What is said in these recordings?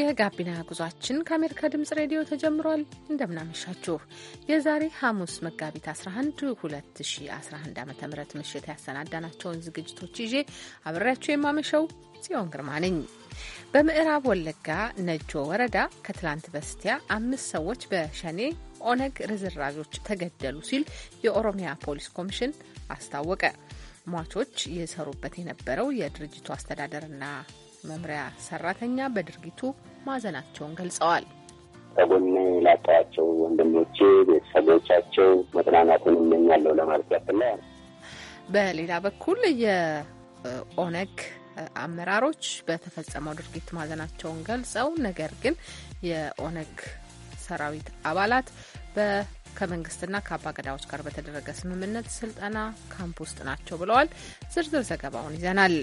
የጋቢና ጉዟችን ከአሜሪካ ድምጽ ሬዲዮ ተጀምሯል። እንደምናመሻችሁ የዛሬ ሐሙስ መጋቢት 11 2011 ዓ ም ምሽት ያሰናዳናቸውን ዝግጅቶች ይዤ አብሬያችሁ የማመሸው ጽዮን ግርማ ነኝ። በምዕራብ ወለጋ ነጆ ወረዳ ከትላንት በስቲያ አምስት ሰዎች በሸኔ ኦነግ ርዝራዦች ተገደሉ ሲል የኦሮሚያ ፖሊስ ኮሚሽን አስታወቀ። ሟቾች የሰሩበት የነበረው የድርጅቱ አስተዳደርና መምሪያ ሰራተኛ በድርጊቱ ማዘናቸውን ገልጸዋል። ከጎኔ ላጣዋቸው ወንድሞቼ፣ ቤተሰቦቻቸው መጽናናቱን እመኛለሁ ለማለት ያክል። በሌላ በኩል የኦነግ አመራሮች በተፈጸመው ድርጊት ማዘናቸውን ገልጸው ነገር ግን የኦነግ ሰራዊት አባላት ከመንግስትና ከአባ ገዳዎች ጋር በተደረገ ስምምነት ስልጠና ካምፕ ውስጥ ናቸው ብለዋል። ዝርዝር ዘገባውን ይዘናል።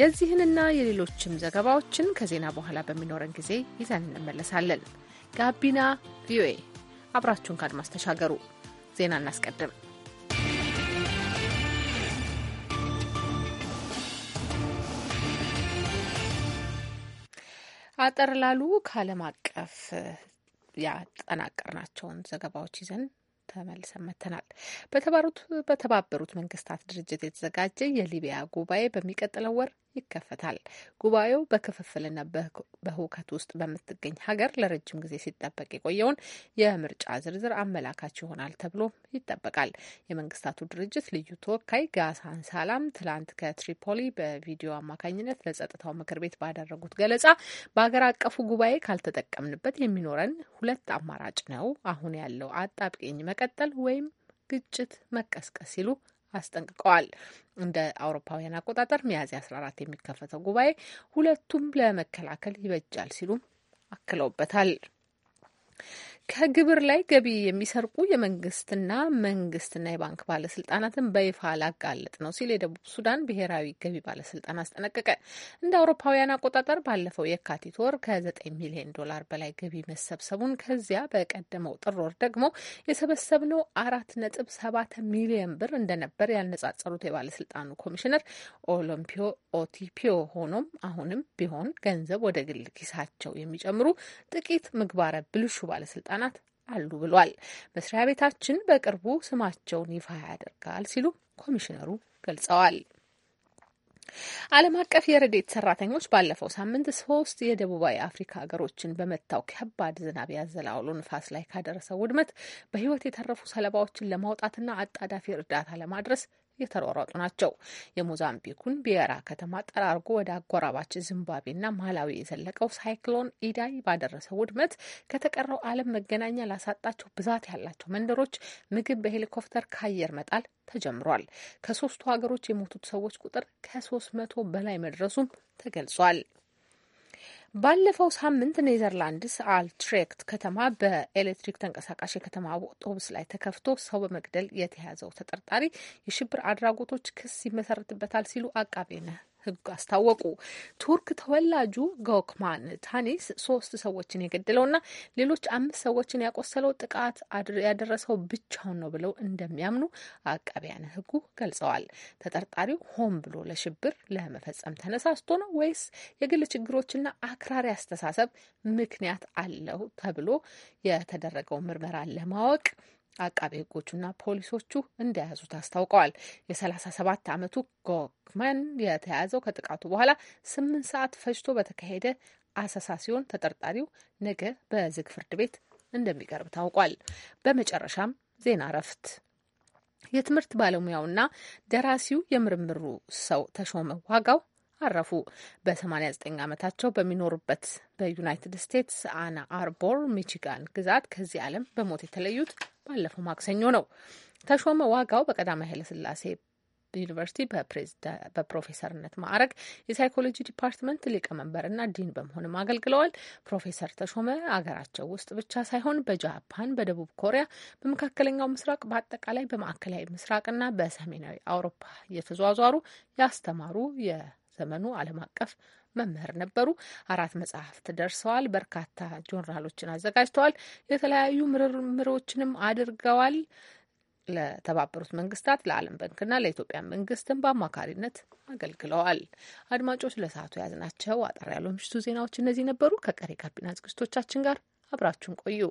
የዚህንና የሌሎችም ዘገባዎችን ከዜና በኋላ በሚኖረን ጊዜ ይዘን እንመለሳለን። ጋቢና ቪኦኤ አብራችሁን ከአድማስ ተሻገሩ። ዜና እናስቀድም። አጠር ላሉ ከዓለም አቀፍ ያጠናቀርናቸውን ዘገባዎች ይዘን ተመልሰን መጥተናል። በተባበሩት መንግስታት ድርጅት የተዘጋጀ የሊቢያ ጉባኤ በሚቀጥለው ወር ይከፈታል። ጉባኤው በክፍፍልና በህውከት ውስጥ በምትገኝ ሀገር ለረጅም ጊዜ ሲጠበቅ የቆየውን የምርጫ ዝርዝር አመላካች ይሆናል ተብሎ ይጠበቃል። የመንግስታቱ ድርጅት ልዩ ተወካይ ጋሳን ሳላም ትላንት ከትሪፖሊ በቪዲዮ አማካኝነት ለጸጥታው ምክር ቤት ባደረጉት ገለጻ በሀገር አቀፉ ጉባኤ ካልተጠቀምንበት የሚኖረን ሁለት አማራጭ ነው፣ አሁን ያለው አጣብቂኝ መቀጠል ወይም ግጭት መቀስቀስ ሲሉ አስጠንቅቀዋል። እንደ አውሮፓውያን አቆጣጠር ሚያዝያ 14 የሚከፈተው ጉባኤ ሁለቱም ለመከላከል ይበጃል ሲሉም አክለውበታል። ከግብር ላይ ገቢ የሚሰርቁ የመንግስትና መንግስትና የባንክ ባለስልጣናትን በይፋ ላጋለጥ ነው ሲል የደቡብ ሱዳን ብሔራዊ ገቢ ባለስልጣን አስጠነቀቀ። እንደ አውሮፓውያን አቆጣጠር ባለፈው የካቲት ወር 9 ሚሊዮን ዶላር በላይ ገቢ መሰብሰቡን ከዚያ በቀደመው ጥር ወር ደግሞ የሰበሰብነው አራት ነጥብ ሰባት ሚሊዮን ብር እንደነበር ያነጻጸሩት የባለስልጣኑ ኮሚሽነር ኦሎምፒዮ ኦቲፒዮ፣ ሆኖም አሁንም ቢሆን ገንዘብ ወደ ግል ኪሳቸው የሚጨምሩ ጥቂት ምግባረ ብልሹ ባለስልጣን ባለስልጣናት አሉ ብሏል። መስሪያ ቤታችን በቅርቡ ስማቸውን ይፋ ያደርጋል ሲሉ ኮሚሽነሩ ገልጸዋል። ዓለም አቀፍ የረዴት ሰራተኞች ባለፈው ሳምንት ሶስት የደቡባዊ አፍሪካ ሀገሮችን በመታው ከባድ ዝናብ ያዘለ አውሎ ንፋስ ላይ ካደረሰው ውድመት በህይወት የተረፉ ሰለባዎችን ለማውጣትና አጣዳፊ እርዳታ ለማድረስ የተሯሯጡ ናቸው። የሞዛምቢኩን ቢየራ ከተማ ጠራርጎ ወደ አጎራባች ዚምባብዌና ማላዊ የዘለቀው ሳይክሎን ኢዳይ ባደረሰው ውድመት ከተቀረው ዓለም መገናኛ ላሳጣቸው ብዛት ያላቸው መንደሮች ምግብ በሄሊኮፕተር ከአየር መጣል ተጀምሯል። ከሶስቱ ሀገሮች የሞቱት ሰዎች ቁጥር ከሶስት መቶ በላይ መድረሱም ተገልጿል። ባለፈው ሳምንት ኔዘርላንድስ አልትሬክት ከተማ በኤሌክትሪክ ተንቀሳቃሽ የከተማ አውቶቡስ ላይ ተከፍቶ ሰው በመግደል የተያዘው ተጠርጣሪ የሽብር አድራጎቶች ክስ ይመሰረትበታል ሲሉ አቃቤ ህግ አስታወቁ። ቱርክ ተወላጁ ጎክማን ታኒስ ሶስት ሰዎችን የገደለውና ሌሎች አምስት ሰዎችን ያቆሰለው ጥቃት ያደረሰው ብቻውን ነው ብለው እንደሚያምኑ አቃቢያን ህጉ ገልጸዋል። ተጠርጣሪው ሆን ብሎ ለሽብር ለመፈጸም ተነሳስቶ ነው ወይስ የግል ችግሮችና አክራሪ አስተሳሰብ ምክንያት አለው ተብሎ የተደረገው ምርመራ ለማወቅ አቃቤ ህጎቹና ፖሊሶቹ እንደያዙት አስታውቀዋል። የ37 ዓመቱ ጎክማን የተያዘው ከጥቃቱ በኋላ ስምንት ሰዓት ፈጅቶ በተካሄደ አሰሳ ሲሆን ተጠርጣሪው ነገ በዝግ ፍርድ ቤት እንደሚቀርብ ታውቋል። በመጨረሻም ዜና እረፍት የትምህርት ባለሙያውና ደራሲው የምርምሩ ሰው ተሾመ ዋጋው አረፉ። በ89 ዓመታቸው በሚኖሩበት በዩናይትድ ስቴትስ አና አርቦር ሚቺጋን ግዛት ከዚህ ዓለም በሞት የተለዩት ባለፈው ማክሰኞ ነው። ተሾመ ዋጋው በቀዳማዊ ኃይለስላሴ ዩኒቨርሲቲ በፕሮፌሰርነት ማዕረግ የሳይኮሎጂ ዲፓርትመንት ሊቀመንበርና ዲን በመሆንም አገልግለዋል። ፕሮፌሰር ተሾመ አገራቸው ውስጥ ብቻ ሳይሆን በጃፓን፣ በደቡብ ኮሪያ፣ በመካከለኛው ምስራቅ፣ በአጠቃላይ በማዕከላዊ ምስራቅና በሰሜናዊ አውሮፓ እየተዟዟሩ ያስተማሩ ዘመኑ ዓለም አቀፍ መምህር ነበሩ። አራት መጽሐፍት ደርሰዋል። በርካታ ጆርናሎችን አዘጋጅተዋል። የተለያዩ ምርምሮችንም አድርገዋል። ለተባበሩት መንግስታት፣ ለዓለም ባንክና ለኢትዮጵያ መንግስትም በአማካሪነት አገልግለዋል። አድማጮች ለሰዓቱ የያዝናቸው አጠር ያሉ ምሽቱ ዜናዎች እነዚህ ነበሩ። ከቀሪ ጋቢና ዝግጅቶቻችን ጋር አብራችሁን ቆዩ።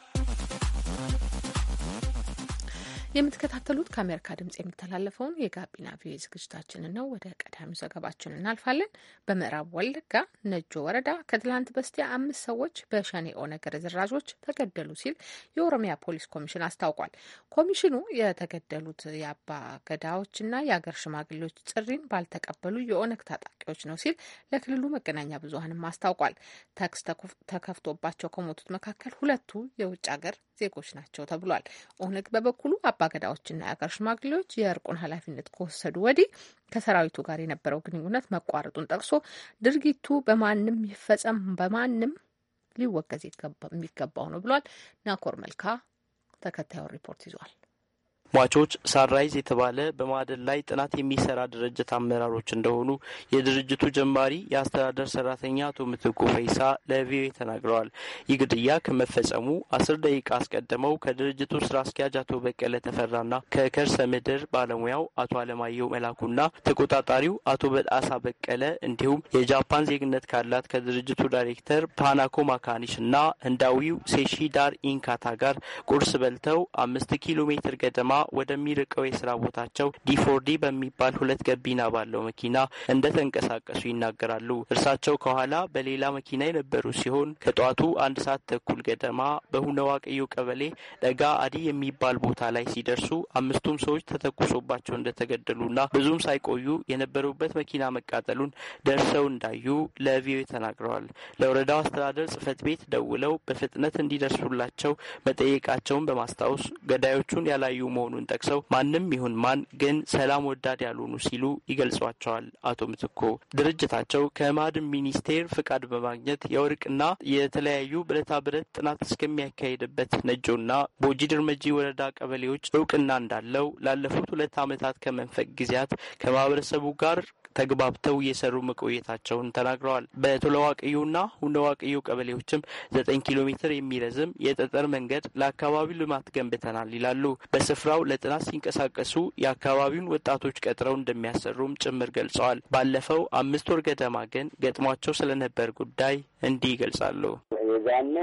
የምትከታተሉት ከአሜሪካ ድምጽ የሚተላለፈውን የጋቢና ቪ ዝግጅታችንን ነው። ወደ ቀዳሚው ዘገባችን እናልፋለን። በምዕራብ ወለጋ ነጆ ወረዳ ከትላንት በስቲያ አምስት ሰዎች በሸኔ ኦነግ ርዝራዦች ተገደሉ ሲል የኦሮሚያ ፖሊስ ኮሚሽን አስታውቋል። ኮሚሽኑ የተገደሉት የአባ ገዳዎችና የአገር ሽማግሌዎች ጥሪን ባልተቀበሉ የኦነግ ታጣቂዎች ነው ሲል ለክልሉ መገናኛ ብዙሀንም አስታውቋል። ተኩስ ተከፍቶባቸው ከሞቱት መካከል ሁለቱ የውጭ ሀገር ዜጎች ናቸው ተብሏል። ኦነግ በበኩሉ አባገዳዎችና የአገር ሽማግሌዎች የእርቁን ኃላፊነት ከወሰዱ ወዲህ ከሰራዊቱ ጋር የነበረው ግንኙነት መቋረጡን ጠቅሶ ድርጊቱ በማንም ይፈጸም በማንም ሊወገዝ የሚገባው ነው ብሏል። ናኮር መልካ ተከታዩን ሪፖርት ይዟል። ሟቾች ሳንራይዝ የተባለ በማዕድን ላይ ጥናት የሚሰራ ድርጅት አመራሮች እንደሆኑ የድርጅቱ ጀማሪ የአስተዳደር ሰራተኛ አቶ ምትኩ ፈይሳ ለቪኦኤ ተናግረዋል። ይህ ግድያ ከመፈጸሙ አስር ደቂቃ አስቀድመው ከድርጅቱ ስራ አስኪያጅ አቶ በቀለ ተፈራና ከከርሰ ምድር ባለሙያው አቶ አለማየሁ መላኩና ተቆጣጣሪው አቶ በጣሳ በቀለ እንዲሁም የጃፓን ዜግነት ካላት ከድርጅቱ ዳይሬክተር ፓናኮ ማካኒሽና ህንዳዊው ዳር ኢንካታ ጋር ቁርስ በልተው አምስት ኪሎ ሜትር ገደማ ወደሚርቀው የስራ ቦታቸው ዲፎርዲ በሚባል ሁለት ገቢና ባለው መኪና እንደተንቀሳቀሱ ይናገራሉ። እርሳቸው ከኋላ በሌላ መኪና የነበሩ ሲሆን ከጠዋቱ አንድ ሰዓት ተኩል ገደማ በሁነዋ ቀዮ ቀበሌ ደጋ አዲ የሚባል ቦታ ላይ ሲደርሱ አምስቱም ሰዎች ተተኩሶባቸው እንደተገደሉና ብዙም ሳይቆዩ የነበሩበት መኪና መቃጠሉን ደርሰው እንዳዩ ለቪኦኤ ተናግረዋል። ለወረዳው አስተዳደር ጽህፈት ቤት ደውለው በፍጥነት እንዲደርሱላቸው መጠየቃቸውን በማስታወስ ገዳዮቹን ያላዩ መሆኑ መሆኑን ጠቅሰው ማንም ይሁን ማን ግን ሰላም ወዳድ ያልሆኑ ሲሉ ይገልጿቸዋል። አቶ ምትኮ ድርጅታቸው ከማዕድን ሚኒስቴር ፍቃድ በማግኘት የወርቅና የተለያዩ ብረታ ብረት ጥናት እስከሚያካሄድበት ነጆና ቦጂ ድርመጂ ወረዳ ቀበሌዎች እውቅና እንዳለው ላለፉት ሁለት ዓመታት ከመንፈቅ ጊዜያት ከማህበረሰቡ ጋር ተግባብተው እየሰሩ መቆየታቸውን ተናግረዋል። በቶለዋቅዩና ሁነዋቅዩ ቀበሌዎችም ዘጠኝ ኪሎ ሜትር የሚረዝም የጠጠር መንገድ ለአካባቢው ልማት ገንብተናል ይላሉ። በስፍራው ለጥናት ሲንቀሳቀሱ የአካባቢውን ወጣቶች ቀጥረው እንደሚያሰሩም ጭምር ገልጸዋል። ባለፈው አምስት ወር ገደማ ግን ገጥሟቸው ስለነበር ጉዳይ እንዲህ ይገልጻሉ። የዛኔ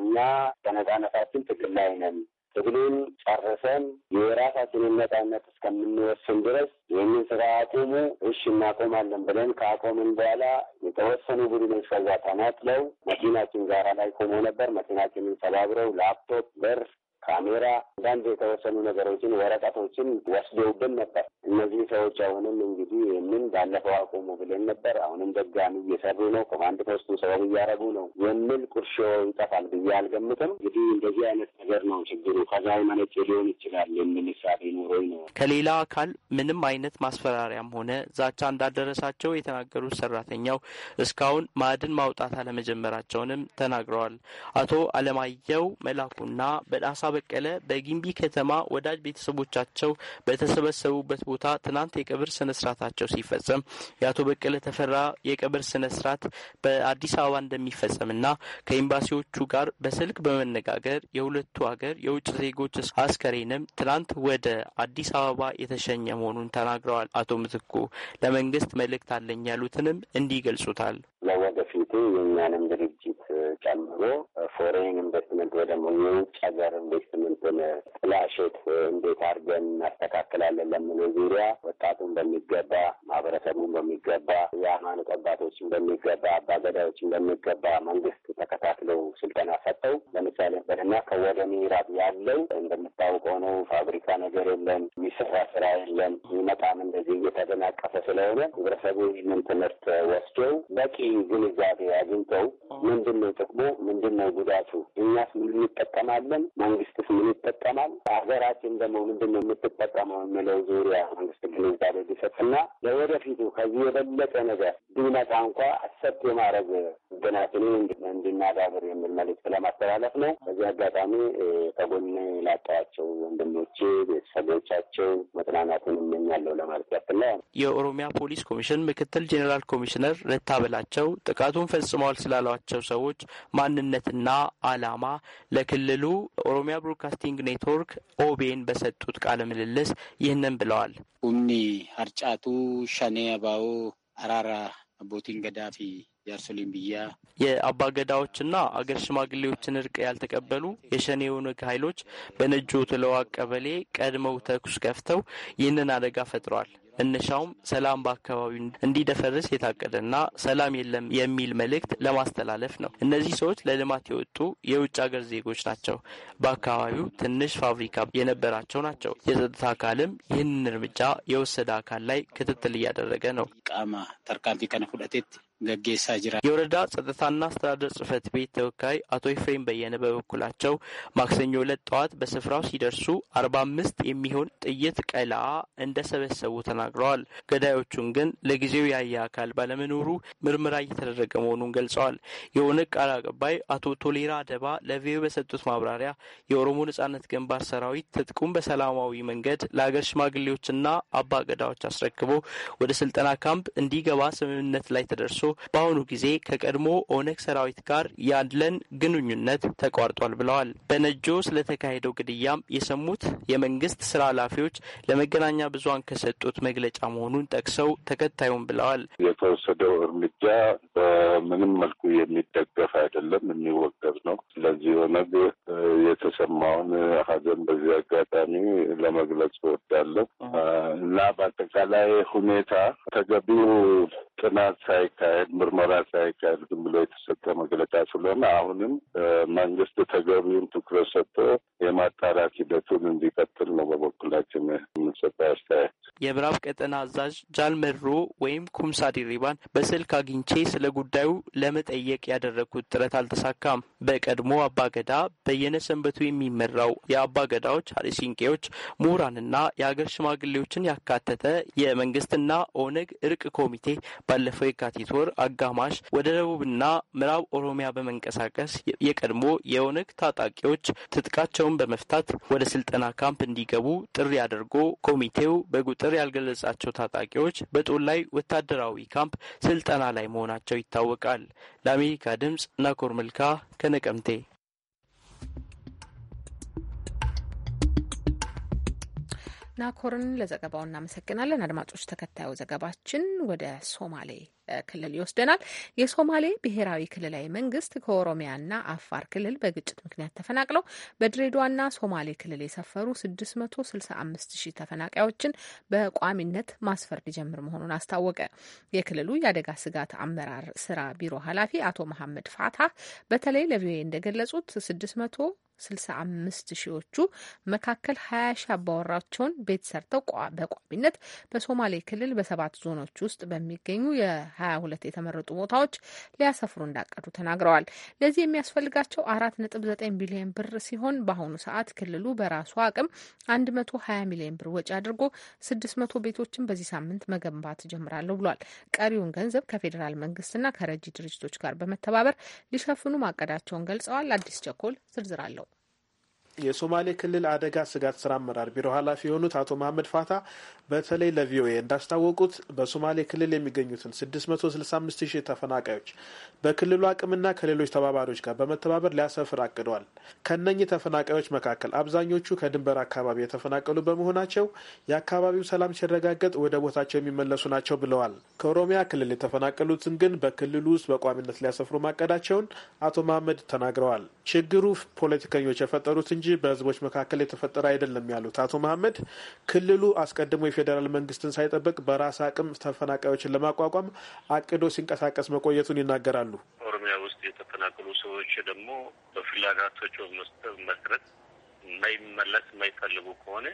እኛ ተነጻነታችን ትግል ላይ ነን ትግሉን ጨርሰን የራሳችንን ነጻነት እስከምንወስን ድረስ ይህንን ስራ አቁሙ፣ እሽ እናቆማለን ብለን ከአቆምን በኋላ የተወሰኑ ቡድኖች ከዛ ተናጥለው መኪናችን ጋራ ላይ ቆሞ ነበር። መኪናችንን ሰባብረው ላፕቶፕ፣ በር ካሜራ፣ አንዳንድ የተወሰኑ ነገሮችን ወረቀቶችን ወስደውብን ነበር። እነዚህ ሰዎች አሁንም እንግዲህ ይህንን ባለፈው አቆሙ ብለን ነበር፣ አሁንም ደጋሚ እየሰሩ ነው፣ ኮማንድ ፖስቱ ሰበብ እያደረጉ ነው የሚል ቁርሾ ይጠፋል ብዬ አልገምትም። እንግዲህ እንደዚህ አይነት ነገር ነው ችግሩ። ከዛ የመነጨ ሊሆን ይችላል የሚል ሳቤ ኖሮኝ ነው። ከሌላ አካል ምንም አይነት ማስፈራሪያም ሆነ ዛቻ እንዳደረሳቸው የተናገሩት ሰራተኛው እስካሁን ማዕድን ማውጣት አለመጀመራቸውንም ተናግረዋል። አቶ አለማየሁ መላኩና በዳሳ በቀለ በጊምቢ ከተማ ወዳጅ ቤተሰቦቻቸው በተሰበሰቡበት ቦታ ትናንት የቀብር ስነ ስርዓታቸው ሲፈጸም የአቶ በቀለ ተፈራ የቀብር ስነ ስርዓት በአዲስ አበባ እንደሚፈጸምና ከኤምባሲዎቹ ጋር በስልክ በመነጋገር የሁለቱ ሀገር የውጭ ዜጎች አስከሬንም ትናንት ወደ አዲስ አበባ የተሸኘ መሆኑን ተናግረዋል። አቶ ምትኩ ለመንግስት መልእክት አለኝ ያሉትንም እንዲህ ገልጹታል። ለወደፊቱ የእኛንም ጨምሮ ፎሬን ኢንቨስትመንት ወይ ደግሞ የውጭ ሀገር ኢንቨስትመንትን ጥላሸት እንዴት አድርገን እናስተካክላለን ለምለው ዙሪያ ወጣቱን በሚገባ ማህበረሰቡን በሚገባ የሃይማኖት አባቶችን በሚገባ አባገዳዮችን በሚገባ መንግስት ተከታትለው ስልጠና ሰጠው። ለምሳሌ በደና ከወደ ምዕራብ ያለው እንደምታውቀው ነው። ፋብሪካ ነገር የለም፣ የሚሰራ ስራ የለም። ይመጣም እንደዚህ እየተደናቀፈ ስለሆነ ህብረተሰቡ ይህንን ትምህርት ወስደው በቂ ግንዛቤ አግኝተው ምንድን ነው ጥቅሙ፣ ምንድን ነው ጉዳቱ፣ እኛስ ምን እንጠቀማለን፣ መንግስትስ ምን ይጠቀማል፣ ሀገራችን ደግሞ ምንድን ነው የምትጠቀመው የሚለው ዙሪያ መንግስት ግንዛቤ ቢሰጥና ለወደፊቱ ከዚህ የበለጠ ነገር ቢመጣ እንኳ አሰብ የማድረግ ጥናትንን እንድናዳብር የሚል መልዕክት ለማስተላለፍ ነው። በዚህ አጋጣሚ ከጎን ላጣዋቸው ወንድሞቼ፣ ቤተሰቦቻቸው መጽናናቱን እመኛለሁ ለማለት ያክል የኦሮሚያ ፖሊስ ኮሚሽን ምክትል ጄኔራል ኮሚሽነር ረታ በላቸው ጥቃቱን ፈጽመዋል ስላሏቸው ሰዎች ማንነትና ዓላማ ለክልሉ ኦሮሚያ ብሮድካስቲንግ ኔትወርክ ኦቤን በሰጡት ቃለ ምልልስ ይህንን ብለዋል። ኡምኒ አርጫቱ ሸኔ አባው አራራ አቦቲን ገዳፊ ፊ ብያ የአባ ገዳዎችና አገር ሽማግሌዎችን እርቅ ያልተቀበሉ የሸኔ የኦነግ ኃይሎች በነጆ ትለዋ ቀበሌ ቀድመው ተኩስ ከፍተው ይህንን አደጋ ፈጥረዋል። መነሻውም ሰላም በአካባቢው እንዲደፈርስ የታቀደና ሰላም የለም የሚል መልእክት ለማስተላለፍ ነው። እነዚህ ሰዎች ለልማት የወጡ የውጭ ሀገር ዜጎች ናቸው። በአካባቢው ትንሽ ፋብሪካ የነበራቸው ናቸው። የጸጥታ አካልም ይህንን እርምጃ የወሰደ አካል ላይ ክትትል እያደረገ ነው። ቃማ ተርካንፊ ከነ ገጌሳ ጅራ የወረዳ ጸጥታና አስተዳደር ጽህፈት ቤት ተወካይ አቶ ኤፍሬም በየነ በበኩላቸው ማክሰኞ ዕለት ጠዋት በስፍራው ሲደርሱ አርባ አምስት የሚሆን ጥይት ቀላ እንደሰበሰቡ ተናግረዋል። ገዳዮቹን ግን ለጊዜው ያየ አካል ባለመኖሩ ምርመራ እየተደረገ መሆኑን ገልጸዋል። የኦነግ ቃል አቀባይ አቶ ቶሌራ አደባ ለቪኦኤ በሰጡት ማብራሪያ የኦሮሞ ነጻነት ግንባር ሰራዊት ትጥቁም በሰላማዊ መንገድ ለአገር ሽማግሌዎችና አባ ገዳዎች አስረክቦ ወደ ስልጠና ካምፕ እንዲገባ ስምምነት ላይ ተደርሶ በአሁኑ ጊዜ ከቀድሞ ኦነግ ሰራዊት ጋር ያለን ግንኙነት ተቋርጧል ብለዋል። በነጆ ስለተካሄደው ግድያም የሰሙት የመንግስት ስራ ኃላፊዎች ለመገናኛ ብዙሃን ከሰጡት መግለጫ መሆኑን ጠቅሰው ተከታዩም ብለዋል። የተወሰደው እርምጃ በምንም መልኩ የሚደገፍ አይደለም፣ የሚወገዝ ነው። ስለዚህ ኦነግ የተሰማውን ሀዘን በዚህ አጋጣሚ ለመግለጽ እወዳለሁ እና በአጠቃላይ ሁኔታ ተገቢው ጥናት ሳይካሄድ ምርመራ ሳይካሄድ ዝም ብሎ የተሰጠ መግለጫ ስለሆነ አሁንም መንግስት ተገቢውን ትኩረት ሰጥቶ የማጣራት ሂደቱን እንዲቀጥል ነው በበኩላችን የምንሰጠው አስተያየት። የምዕራብ ቀጠና አዛዥ ጃልመሮ ወይም ኩምሳ ዲሪባን በስልክ አግኝቼ ስለ ጉዳዩ ለመጠየቅ ያደረግኩት ጥረት አልተሳካም። በቀድሞ አባገዳ በየነ ሰንበቱ የሚመራው የአባገዳዎች አሪሲንቄዎች፣ ምሁራንና የሀገር ሽማግሌዎችን ያካተተ የመንግስትና ኦነግ እርቅ ኮሚቴ ባለፈው የካቲት ወር አጋማሽ ወደ ደቡብና ምዕራብ ኦሮሚያ በመንቀሳቀስ የቀድሞ የኦነግ ታጣቂዎች ትጥቃቸውን በመፍታት ወደ ስልጠና ካምፕ እንዲገቡ ጥሪ አድርጎ ኮሚቴው በቁጥር ያልገለጻቸው ታጣቂዎች በጦር ላይ ወታደራዊ ካምፕ ስልጠና ላይ መሆናቸው ይታወቃል። ለአሜሪካ ድምፅ ናኮር መልካ ከነቀምቴ ናኮርን ለዘገባው እናመሰግናለን። አድማጮች፣ ተከታዩ ዘገባችን ወደ ሶማሌ ክልል ይወስደናል። የሶማሌ ብሔራዊ ክልላዊ መንግስት ከኦሮሚያና አፋር ክልል በግጭት ምክንያት ተፈናቅለው በድሬዳዋና ሶማሌ ክልል የሰፈሩ 665 ሺህ ተፈናቃዮችን በቋሚነት ማስፈር ሊጀምር መሆኑን አስታወቀ። የክልሉ የአደጋ ስጋት አመራር ስራ ቢሮ ኃላፊ አቶ መሐመድ ፋታ በተለይ ለቪኦኤ እንደገለጹት 600 ስልሳ አምስት ሺዎቹ መካከል ሀያ ሺ አባወራቸውን ቤት ሰርተው በቋሚነት በሶማሌ ክልል በሰባት ዞኖች ውስጥ በሚገኙ 22 የተመረጡ ቦታዎች ሊያሰፍሩ እንዳቀዱ ተናግረዋል። ለዚህ የሚያስፈልጋቸው 4.9 ቢሊዮን ብር ሲሆን በአሁኑ ሰዓት ክልሉ በራሱ አቅም ሀያ ሚሊዮን ብር ወጪ አድርጎ መቶ ቤቶችን በዚህ ሳምንት መገንባት ጀምራለሁ ብሏል። ቀሪውን ገንዘብ ከፌዴራል መንግስትና ከረጂ ድርጅቶች ጋር በመተባበር ሊሸፍኑ ማቀዳቸውን ገልጸዋል። አዲስ ቸኮል ዝርዝር አለው። የሶማሌ ክልል አደጋ ስጋት ስራ አመራር ቢሮ ኃላፊ የሆኑት አቶ መሀመድ ፋታ በተለይ ለቪኦኤ እንዳስታወቁት በሶማሌ ክልል የሚገኙትን 665 ሺህ ተፈናቃዮች በክልሉ አቅምና ከሌሎች ተባባሪዎች ጋር በመተባበር ሊያሰፍር አቅደዋል። ከነኚህ ተፈናቃዮች መካከል አብዛኞቹ ከድንበር አካባቢ የተፈናቀሉ በመሆናቸው የአካባቢው ሰላም ሲረጋገጥ ወደ ቦታቸው የሚመለሱ ናቸው ብለዋል። ከኦሮሚያ ክልል የተፈናቀሉትን ግን በክልሉ ውስጥ በቋሚነት ሊያሰፍሩ ማቀዳቸውን አቶ መሀመድ ተናግረዋል። ችግሩ ፖለቲከኞች የፈጠሩት እንጂ በህዝቦች መካከል የተፈጠረ አይደለም ያሉት አቶ መሀመድ ክልሉ አስቀድሞ የፌዴራል መንግስትን ሳይጠብቅ በራስ አቅም ተፈናቃዮችን ለማቋቋም አቅዶ ሲንቀሳቀስ መቆየቱን ይናገራሉ። ኦሮሚያ ውስጥ የተፈናቀሉ ሰዎች ደግሞ በፍላጎታቸው መሰረት የማይመለስ የማይፈልጉ ከሆነ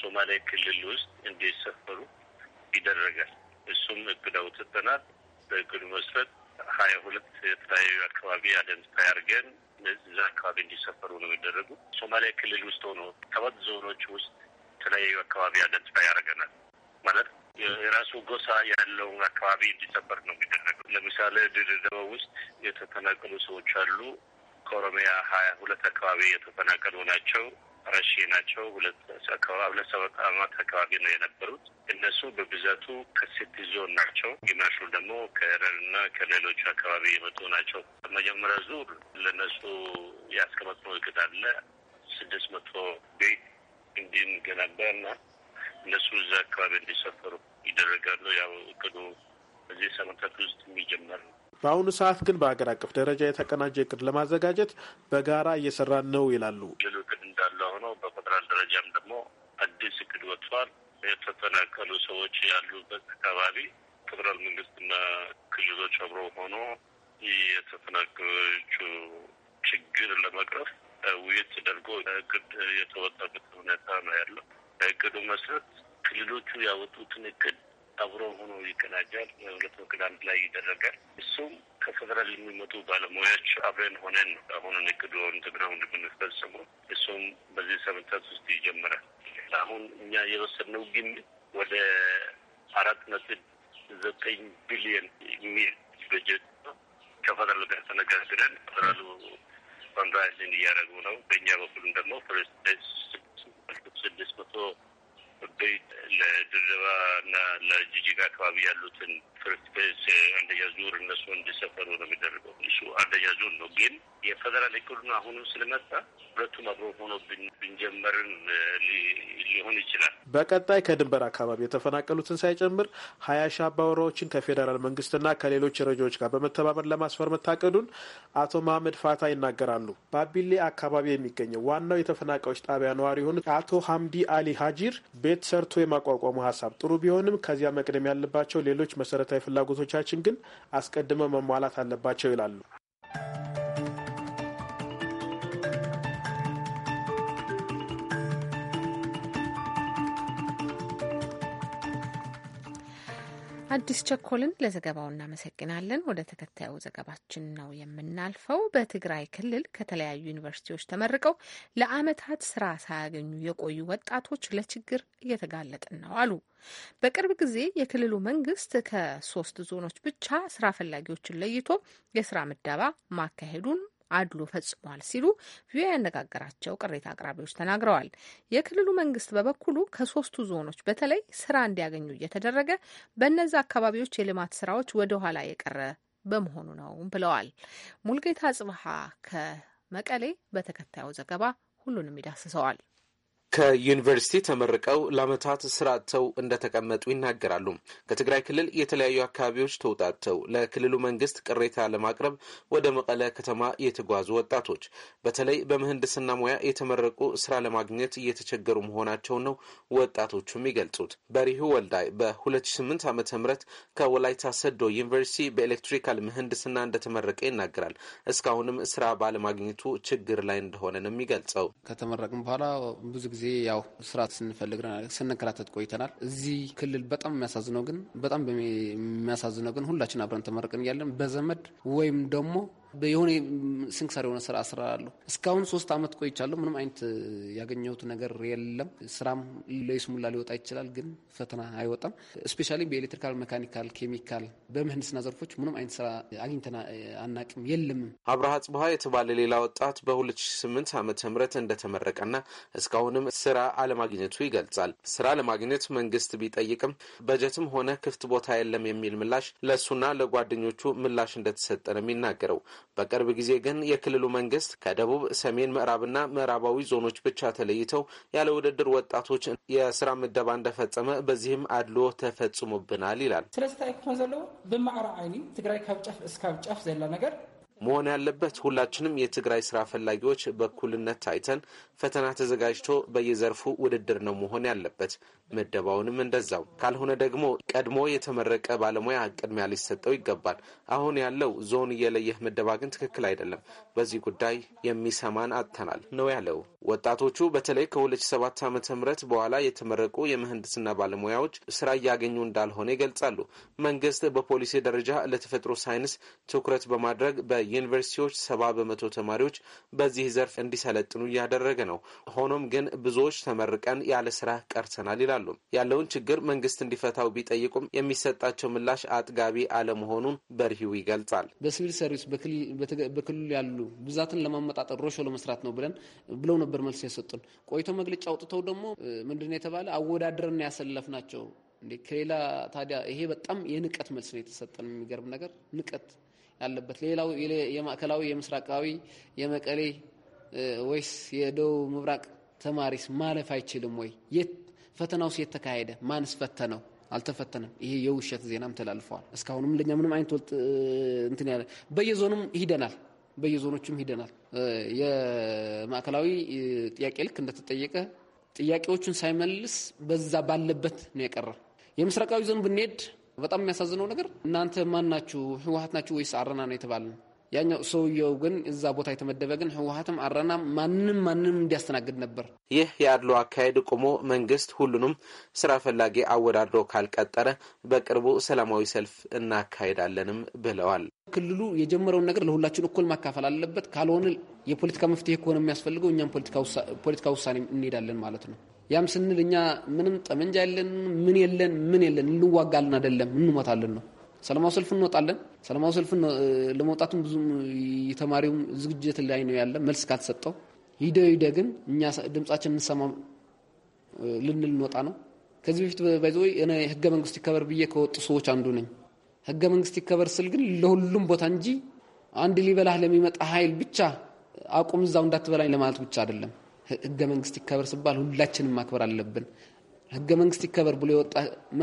ሶማሌ ክልል ውስጥ እንዲሰፈሩ ይደረጋል። እሱም እቅድ አውጥተናል። በእቅዱ መሰረት ሀያ ሁለት የተለያዩ አካባቢ አደንስታ ያርገን እዛ አካባቢ እንዲሰፈሩ ነው የሚደረጉ። ሶማሊያ ክልል ውስጥ ሆኖ ሰባት ዞኖች ውስጥ የተለያዩ አካባቢ አይደንቲፋይ ያደርገናል ማለት የራሱ ጎሳ ያለው አካባቢ እንዲሰፈር ነው የሚደረገው። ለምሳሌ ድሬዳዋ ውስጥ የተፈናቀሉ ሰዎች አሉ። ከኦሮሚያ ሀያ ሁለት አካባቢ የተፈናቀሉ ናቸው። ረሼ ናቸው። ሁለት ሁለት ሰው አካባቢ ነው የነበሩት። እነሱ በብዛቱ ከሴት ዞን ናቸው። ግማሹ ደግሞ ከረንና ከሌሎቹ አካባቢ የመጡ ናቸው። መጀመሪያ ዙር ለነሱ ያስቀመጥነው እቅድ አለ ስድስት መቶ ቤት እንዲንገነባና እነሱ እዛ አካባቢ እንዲሰፈሩ ይደረጋሉ። ያው እቅዱ በዚህ ሳምንታት ውስጥ የሚጀመር ነው። በአሁኑ ሰዓት ግን በሀገር አቀፍ ደረጃ የተቀናጀ እቅድ ለማዘጋጀት በጋራ እየሰራን ነው ይላሉ። እቅድ እንዳለ ሆኖ በፌደራል ደረጃም ደግሞ አዲስ እቅድ ወጥቷል። የተፈናቀሉ ሰዎች ያሉበት አካባቢ ፌደራል መንግስትና ክልሎች አብሮ ሆኖ የተፈናቀሎቹ ችግር ለመቅረፍ ውይይት ተደርጎ እቅድ የተወጣበት ሁኔታ ነው ያለው። እቅዱ መሰረት ክልሎቹ ያወጡትን እቅድ አብሮ ሆኖ ይቀናጃል። ሁለት ወክል አንድ ላይ ይደረጋል። እሱም ከፌደራል የሚመጡ ባለሙያዎች አብረን ሆነን አሁንን እቅዱ ትግራው እንደምንፈጽሙ እሱም በዚህ ሰምንታት ውስጥ ይጀምራል። አሁን እኛ የወሰድነው ግን ወደ አራት ነጥብ ዘጠኝ ቢሊየን የሚል በጀት ከፌደራል ጋር ተነጋግረን ፌደራሉ ፈንድራይዝን እያደረጉ ነው። በእኛ በኩልም ደግሞ ስድስት መቶ ቤት ለድርባ እና ለጅጅጋ አካባቢ ያሉትን ፍርድ ፌስ አንደኛ ዙር እነሱ እንዲሰፈሩ ነው የሚደረገው። እሱ አንደኛ ዙር ነው ግን የፌደራል እቅዱን አሁንም ስለመጣ ሁለቱም አብሮ ሆኖ ብንጀመርን ሊሆን ይችላል። በቀጣይ ከድንበር አካባቢ የተፈናቀሉትን ሳይጨምር ሀያ ሺህ አባወራዎችን ከፌዴራል መንግስትና ከሌሎች ረጃዎች ጋር በመተባበር ለማስፈር መታቀዱን አቶ መሀመድ ፋታ ይናገራሉ። ባቢሌ አካባቢ የሚገኘው ዋናው የተፈናቃዮች ጣቢያ ነዋሪ የሆኑት አቶ ሀምዲ አሊ ሀጂር ቤት ሰርቶ የማቋቋሙ ሀሳብ ጥሩ ቢሆንም ከዚያ መቅደም ያለባቸው ሌሎች መሰረታዊ ፍላጎቶቻችን ግን አስቀድመው መሟላት አለባቸው ይላሉ። አዲስ ቸኮልን ለዘገባው እናመሰግናለን። ወደ ተከታዩ ዘገባችን ነው የምናልፈው። በትግራይ ክልል ከተለያዩ ዩኒቨርሲቲዎች ተመርቀው ለዓመታት ስራ ሳያገኙ የቆዩ ወጣቶች ለችግር እየተጋለጥን ነው አሉ። በቅርብ ጊዜ የክልሉ መንግስት ከሶስት ዞኖች ብቻ ስራ ፈላጊዎችን ለይቶ የስራ ምደባ ማካሄዱን አድሎ ፈጽሟል ሲሉ ቪኦኤ ያነጋገራቸው ቅሬታ አቅራቢዎች ተናግረዋል። የክልሉ መንግስት በበኩሉ ከሶስቱ ዞኖች በተለይ ስራ እንዲያገኙ እየተደረገ በእነዚ አካባቢዎች የልማት ስራዎች ወደኋላ የቀረ በመሆኑ ነው ብለዋል። ሙልጌታ ጽብሃ ከመቀሌ በተከታዩ ዘገባ ሁሉንም ይዳስሰዋል። ከዩኒቨርሲቲ ተመርቀው ለዓመታት ስራ አጥተው እንደተቀመጡ ይናገራሉ። ከትግራይ ክልል የተለያዩ አካባቢዎች ተውጣጥተው ለክልሉ መንግስት ቅሬታ ለማቅረብ ወደ መቀለ ከተማ የተጓዙ ወጣቶች በተለይ በምህንድስና ሙያ የተመረቁ ስራ ለማግኘት እየተቸገሩ መሆናቸውን ነው ወጣቶቹ የሚገልጹት። በሪሁ ወልዳይ በ2008 ዓ ም ከወላይታ ሰዶ ዩኒቨርሲቲ በኤሌክትሪካል ምህንድስና እንደተመረቀ ይናገራል። እስካሁንም ስራ ባለማግኘቱ ችግር ላይ እንደሆነ ነው የሚገልጸው። ከተመረቅም በኋላ ብዙ ጊዜ ጊዜ ያው ስራ ስንፈልግ ስንከራተት ቆይተናል። እዚህ ክልል በጣም የሚያሳዝነው ግን በጣም የሚያሳዝነው ግን ሁላችን አብረን ተመረቅን እያለን በዘመድ ወይም ደግሞ የሆነ ስንክሳር የሆነ ስራ እሰራለሁ። እስካሁን ሶስት አመት ቆይቻለሁ። ምንም አይነት ያገኘሁት ነገር የለም። ስራም ለይስሙላ ሊወጣ ይችላል፣ ግን ፈተና አይወጣም። እስፔሻሊ በኤሌክትሪካል፣ መካኒካል፣ ኬሚካል በምህንድስና ዘርፎች ምንም አይነት ስራ አግኝተን አናቅም፣ የለም። አብርሃ ጽብሃ የተባለ ሌላ ወጣት በ2008 ዓ ም እንደተመረቀና እስካሁንም ስራ አለማግኘቱ ይገልጻል። ስራ ለማግኘት መንግስት ቢጠይቅም በጀትም ሆነ ክፍት ቦታ የለም የሚል ምላሽ ለእሱና ለጓደኞቹ ምላሽ እንደተሰጠ ነው የሚናገረው። በቅርብ ጊዜ ግን የክልሉ መንግስት ከደቡብ ሰሜን ምዕራብና ምዕራባዊ ዞኖች ብቻ ተለይተው ያለ ውድድር ወጣቶች የስራ ምደባ እንደፈጸመ በዚህም አድሎ ተፈጽሞብናል ይላል። ስለዚ ታይክቶ ዘለዎ ብማዕራ ዓይኒ ትግራይ ካብ ጫፍ እስካብ ጫፍ ዘላ ነገር መሆን ያለበት ሁላችንም የትግራይ ስራ ፈላጊዎች በኩልነት ታይተን ፈተና ተዘጋጅቶ በየዘርፉ ውድድር ነው መሆን ያለበት። ምደባውንም እንደዛው። ካልሆነ ደግሞ ቀድሞ የተመረቀ ባለሙያ ቅድሚያ ሊሰጠው ይገባል። አሁን ያለው ዞን እየለየህ ምደባ ግን ትክክል አይደለም። በዚህ ጉዳይ የሚሰማን አጥተናል ነው ያለው። ወጣቶቹ በተለይ ከ2007 ዓ ም በኋላ የተመረቁ የምህንድስና ባለሙያዎች ስራ እያገኙ እንዳልሆነ ይገልጻሉ። መንግስት በፖሊሲ ደረጃ ለተፈጥሮ ሳይንስ ትኩረት በማድረግ በዩኒቨርሲቲዎች ሰባ በመቶ ተማሪዎች በዚህ ዘርፍ እንዲሰለጥኑ እያደረገ ነው። ሆኖም ግን ብዙዎች ተመርቀን ያለ ስራ ቀርተናል ይላሉ። ይገልጻሉ። ያለውን ችግር መንግስት እንዲፈታው ቢጠይቁም የሚሰጣቸው ምላሽ አጥጋቢ አለመሆኑን በርሂው ይገልጻል። በሲቪል ሰርቪስ በክልሉ ያሉ ብዛትን ለማመጣጠር ሮሾ ለመስራት ነው ብለን ብለው ነበር መልስ የሰጡን። ቆይቶ መግለጫ አውጥተው ደግሞ ምንድነው የተባለ አወዳድረን ያሰለፍ ናቸው ከሌላ ታዲያ ይሄ በጣም የንቀት መልስ ነው የተሰጠን። የሚገርም ነገር ንቀት ያለበት ሌላው የማዕከላዊ የምስራቃዊ የመቀሌ ወይስ የደቡብ ምብራቅ ተማሪስ ማለፍ አይችልም ወይ? የት ሴት ተካሄደ ማንስ ፈተነው? አልተፈተነም። ይሄ የውሸት ዜናም ተላልፈዋል። እስካሁንም ለኛ ምንም አይነት ወልጥ እንትን ያለ በየዞኑም ሂደናል በየዞኖቹም ሂደናል። የማዕከላዊ ጥያቄ ልክ እንደተጠየቀ ጥያቄዎቹን ሳይመልስ በዛ ባለበት ነው የቀረ። የምስራቃዊ ዞን ብንሄድ በጣም የሚያሳዝነው ነገር እናንተ ማን ናችሁ? ህወሀት ናችሁ ወይስ አረና ነው የተባለ ነው ያኛው ሰውየው ግን እዛ ቦታ የተመደበ ግን ህወሀትም አረና ማንም ማንም እንዲያስተናግድ ነበር። ይህ የአድሎ አካሄድ ቆሞ መንግስት ሁሉንም ስራ ፈላጊ አወዳድሮ ካልቀጠረ በቅርቡ ሰላማዊ ሰልፍ እናካሄዳለንም ብለዋል። ክልሉ የጀመረውን ነገር ለሁላችን እኩል ማካፈል አለበት። ካልሆነ የፖለቲካ መፍትሄ ከሆነ የሚያስፈልገው እኛም ፖለቲካ ውሳኔ እንሄዳለን ማለት ነው። ያም ስንል እኛ ምንም ጠመንጃ የለን ምን የለን ምን የለን እንዋጋለን አይደለም እንሞታለን ነው ሰላማዊ ሰልፍ እንወጣለን። ሰላማዊ ሰልፍ ለመውጣቱም ብዙ የተማሪውም ዝግጅት ላይ ነው ያለ። መልስ ካልተሰጠው ሂደ ሂደ ግን እኛ ድምጻችን እንሰማ ልንል እንወጣ ነው። ከዚህ በፊት ባይዘ እኔ ህገ መንግስት ይከበር ብዬ ከወጡ ሰዎች አንዱ ነኝ። ህገ መንግስት ይከበር ስል ግን ለሁሉም ቦታ እንጂ አንድ ሊበላህ ለሚመጣ ኃይል ብቻ አቁም እዛው እንዳትበላኝ ለማለት ብቻ አይደለም። ህገ መንግስት ይከበር ሲባል ሁላችንም ማክበር አለብን። ህገ መንግስት ይከበር ብሎ የወጣ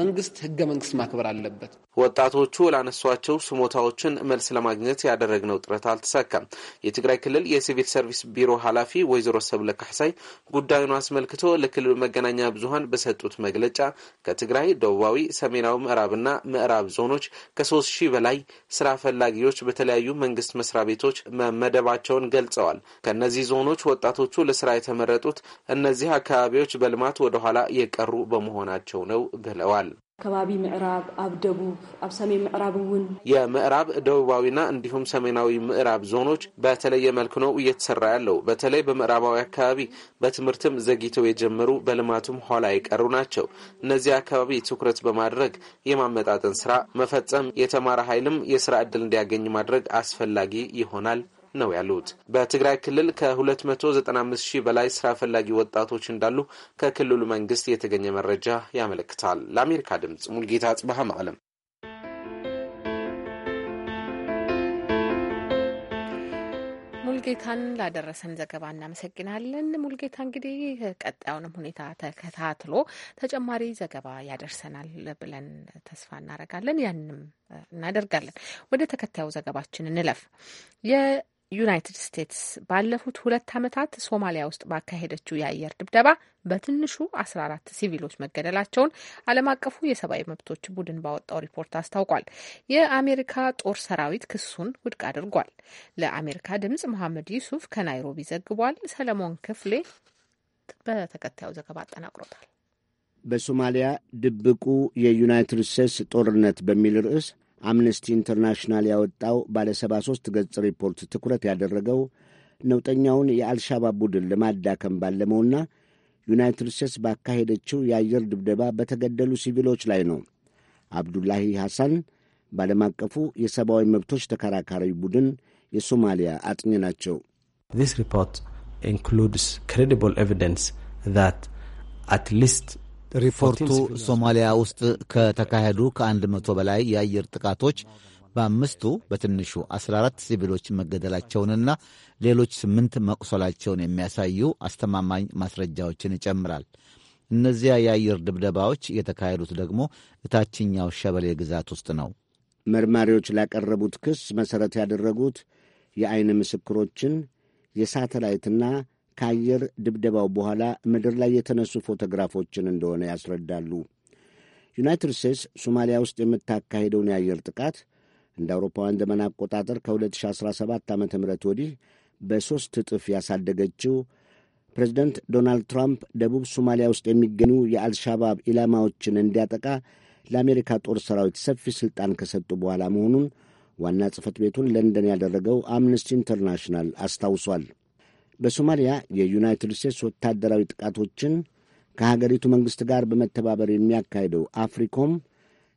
መንግስት ህገ መንግስት ማክበር አለበት። ወጣቶቹ ላነሷቸው ስሞታዎችን መልስ ለማግኘት ያደረግነው ጥረት አልተሳካም። የትግራይ ክልል የሲቪል ሰርቪስ ቢሮ ኃላፊ ወይዘሮ ሰብለ ካሕሳይ ጉዳዩን አስመልክቶ ለክልሉ መገናኛ ብዙሀን በሰጡት መግለጫ ከትግራይ ደቡባዊ፣ ሰሜናዊ ምዕራብና ምዕራብ ዞኖች ከሶስት ሺህ በላይ ስራ ፈላጊዎች በተለያዩ መንግስት መስሪያ ቤቶች መመደባቸውን ገልጸዋል። ከእነዚህ ዞኖች ወጣቶቹ ለስራ የተመረጡት እነዚህ አካባቢዎች በልማት ወደኋላ የቀሩ በመሆናቸው ነው ብለዋል። ከባቢ ምዕራብ ኣብ ደቡብ ኣብ ሰሜን ምዕራብ እውን የምዕራብ ደቡባዊና እንዲሁም ሰሜናዊ ምዕራብ ዞኖች በተለየ መልክ ነው እየተሰራ ያለው። በተለይ በምዕራባዊ አካባቢ በትምህርትም ዘግይተው የጀመሩ በልማቱም ኋላ የቀሩ ናቸው። እነዚህ አካባቢ ትኩረት በማድረግ የማመጣጠን ስራ መፈጸም፣ የተማረ ኃይልም የስራ ዕድል እንዲያገኝ ማድረግ አስፈላጊ ይሆናል ነው ያሉት። በትግራይ ክልል ከ295 ሺህ በላይ ስራ ፈላጊ ወጣቶች እንዳሉ ከክልሉ መንግስት የተገኘ መረጃ ያመለክታል። ለአሜሪካ ድምፅ ሙልጌታ ጽበሃ መቀለም። ሙልጌታን ላደረሰን ዘገባ እናመሰግናለን። ሙልጌታ እንግዲህ ቀጣዩንም ሁኔታ ተከታትሎ ተጨማሪ ዘገባ ያደርሰናል ብለን ተስፋ እናደርጋለን። ያንም እናደርጋለን። ወደ ተከታዩ ዘገባችን እንለፍ። ዩናይትድ ስቴትስ ባለፉት ሁለት ዓመታት ሶማሊያ ውስጥ ባካሄደችው የአየር ድብደባ በትንሹ 14 ሲቪሎች መገደላቸውን ዓለም አቀፉ የሰብአዊ መብቶች ቡድን ባወጣው ሪፖርት አስታውቋል። የአሜሪካ ጦር ሰራዊት ክሱን ውድቅ አድርጓል። ለአሜሪካ ድምጽ መሐመድ ዩሱፍ ከናይሮቢ ዘግቧል። ሰለሞን ክፍሌ በተከታዩ ዘገባ አጠናቅሮታል። በሶማሊያ ድብቁ የዩናይትድ ስቴትስ ጦርነት በሚል ርዕስ አምነስቲ ኢንተርናሽናል ያወጣው ባለ 73 ገጽ ሪፖርት ትኩረት ያደረገው ነውጠኛውን የአልሻባብ ቡድን ለማዳከም ባለመውና ዩናይትድ ስቴትስ ባካሄደችው የአየር ድብደባ በተገደሉ ሲቪሎች ላይ ነው። አብዱላሂ ሐሳን በዓለም አቀፉ የሰብአዊ መብቶች ተከራካሪ ቡድን የሶማሊያ አጥኚ ናቸው። ሪፖርት ኢንክሉድስ ክሬዲብል ኤቪደንስ አት ሊስት ሪፖርቱ ሶማሊያ ውስጥ ከተካሄዱ ከአንድ መቶ በላይ የአየር ጥቃቶች በአምስቱ በትንሹ 14 ሲቪሎች መገደላቸውንና ሌሎች ስምንት መቁሰላቸውን የሚያሳዩ አስተማማኝ ማስረጃዎችን ይጨምራል። እነዚያ የአየር ድብደባዎች የተካሄዱት ደግሞ እታችኛው ሸበሌ ግዛት ውስጥ ነው። መርማሪዎች ላቀረቡት ክስ መሠረት ያደረጉት የአይን ምስክሮችን የሳተላይትና ከአየር ድብደባው በኋላ ምድር ላይ የተነሱ ፎቶግራፎችን እንደሆነ ያስረዳሉ። ዩናይትድ ስቴትስ ሶማሊያ ውስጥ የምታካሄደውን የአየር ጥቃት እንደ አውሮፓውያን ዘመን አቆጣጠር ከ2017 ዓ ም ወዲህ በሦስት እጥፍ ያሳደገችው ፕሬዚደንት ዶናልድ ትራምፕ ደቡብ ሶማሊያ ውስጥ የሚገኙ የአልሻባብ ኢላማዎችን እንዲያጠቃ ለአሜሪካ ጦር ሰራዊት ሰፊ ሥልጣን ከሰጡ በኋላ መሆኑን ዋና ጽሕፈት ቤቱን ለንደን ያደረገው አምነስቲ ኢንተርናሽናል አስታውሷል። በሶማሊያ የዩናይትድ ስቴትስ ወታደራዊ ጥቃቶችን ከሀገሪቱ መንግሥት ጋር በመተባበር የሚያካሂደው አፍሪኮም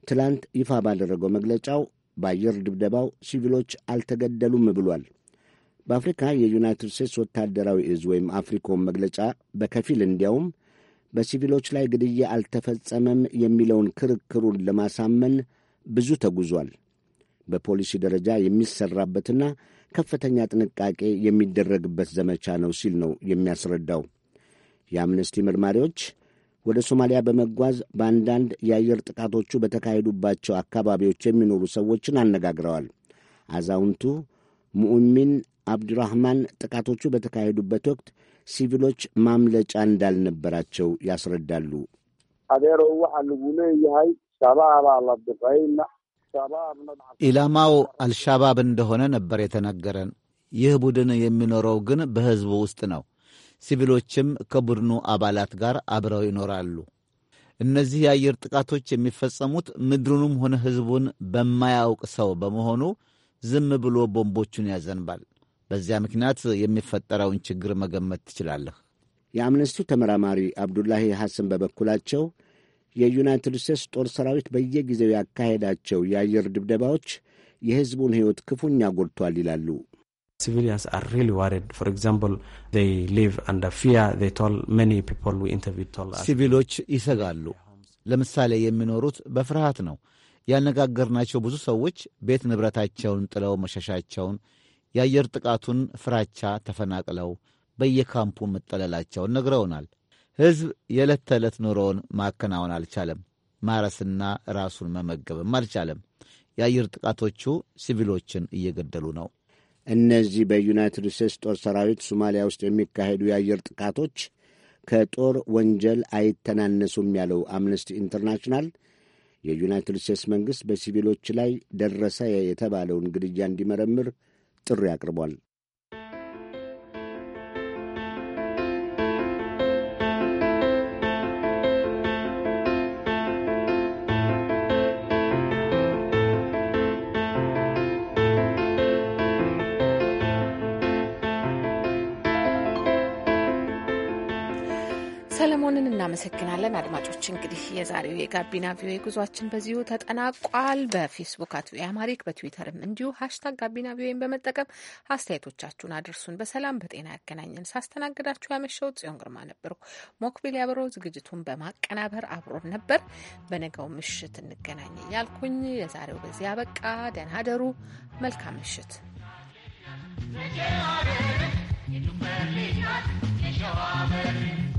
ትላንት ይፋ ባደረገው መግለጫው በአየር ድብደባው ሲቪሎች አልተገደሉም ብሏል። በአፍሪካ የዩናይትድ ስቴትስ ወታደራዊ እዝ ወይም አፍሪኮም መግለጫ በከፊል እንዲያውም በሲቪሎች ላይ ግድያ አልተፈጸመም የሚለውን ክርክሩን ለማሳመን ብዙ ተጉዟል። በፖሊሲ ደረጃ የሚሠራበትና ከፍተኛ ጥንቃቄ የሚደረግበት ዘመቻ ነው ሲል ነው የሚያስረዳው። የአምነስቲ መርማሪዎች ወደ ሶማሊያ በመጓዝ በአንዳንድ የአየር ጥቃቶቹ በተካሄዱባቸው አካባቢዎች የሚኖሩ ሰዎችን አነጋግረዋል። አዛውንቱ ሙኡሚን አብዱራህማን ጥቃቶቹ በተካሄዱበት ወቅት ሲቪሎች ማምለጫ እንዳልነበራቸው ያስረዳሉ። አዴሮ ኢላማው አልሻባብ እንደሆነ ነበር የተነገረን። ይህ ቡድን የሚኖረው ግን በሕዝቡ ውስጥ ነው። ሲቪሎችም ከቡድኑ አባላት ጋር አብረው ይኖራሉ። እነዚህ የአየር ጥቃቶች የሚፈጸሙት ምድሩንም ሆነ ሕዝቡን በማያውቅ ሰው በመሆኑ ዝም ብሎ ቦምቦቹን ያዘንባል። በዚያ ምክንያት የሚፈጠረውን ችግር መገመት ትችላለህ። የአምነስቲው ተመራማሪ አብዱላሂ ሐሰን በበኩላቸው የዩናይትድ ስቴትስ ጦር ሰራዊት በየጊዜው ያካሄዳቸው የአየር ድብደባዎች የሕዝቡን ሕይወት ክፉኛ ጎድቷል ይላሉ። civilians ሲቪሎች ይሰጋሉ። ለምሳሌ የሚኖሩት በፍርሃት ነው። ያነጋገርናቸው ብዙ ሰዎች ቤት ንብረታቸውን ጥለው መሸሻቸውን፣ የአየር ጥቃቱን ፍራቻ ተፈናቅለው በየካምፑ መጠለላቸውን ነግረውናል። ሕዝብ የዕለት ተዕለት ኑሮውን ማከናወን አልቻለም። ማረስና ራሱን መመገብም አልቻለም። የአየር ጥቃቶቹ ሲቪሎችን እየገደሉ ነው። እነዚህ በዩናይትድ ስቴትስ ጦር ሰራዊት ሶማሊያ ውስጥ የሚካሄዱ የአየር ጥቃቶች ከጦር ወንጀል አይተናነሱም ያለው አምነስቲ ኢንተርናሽናል የዩናይትድ ስቴትስ መንግሥት በሲቪሎች ላይ ደረሰ የተባለውን ግድያ እንዲመረምር ጥሪ አቅርቧል። ሰለሞንን እናመሰግናለን። አድማጮች እንግዲህ የዛሬው የጋቢና ቪኦኤ ጉዟችን በዚሁ ተጠናቋል። በፌስቡክ አት ቪኦኤ አማሪክ በትዊተርም እንዲሁ ሀሽታግ ጋቢና ቪኦኤን በመጠቀም አስተያየቶቻችሁን አድርሱን። በሰላም በጤና ያገናኘን። ሳስተናግዳችሁ ያመሸው ጽዮን ግርማ ነበሩ። ሞክቢል ያብሮ ዝግጅቱን በማቀናበር አብሮን ነበር። በነገው ምሽት እንገናኝ እያልኩኝ የዛሬው በዚህ አበቃ። ደህና መልካም ምሽት። you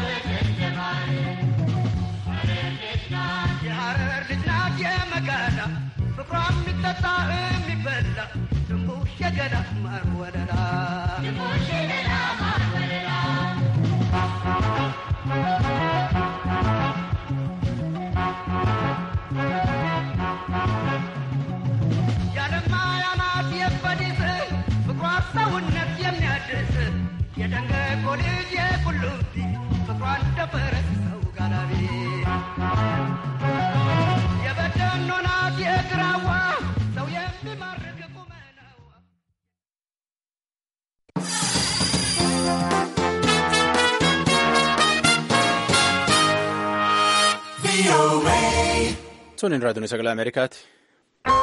ስፍራ የሚጠጣ የሚበላ ድንቡሽ የገዳ ማር ወለላ ያለማ ያማት ፍቅሯ ሰውነት የሚያድስ የደንገ ኮልጅ የቁሉቲ ፍቅሯ እንደ ፈረስ Sunin raadiyoon Sagalee Ameerikaati.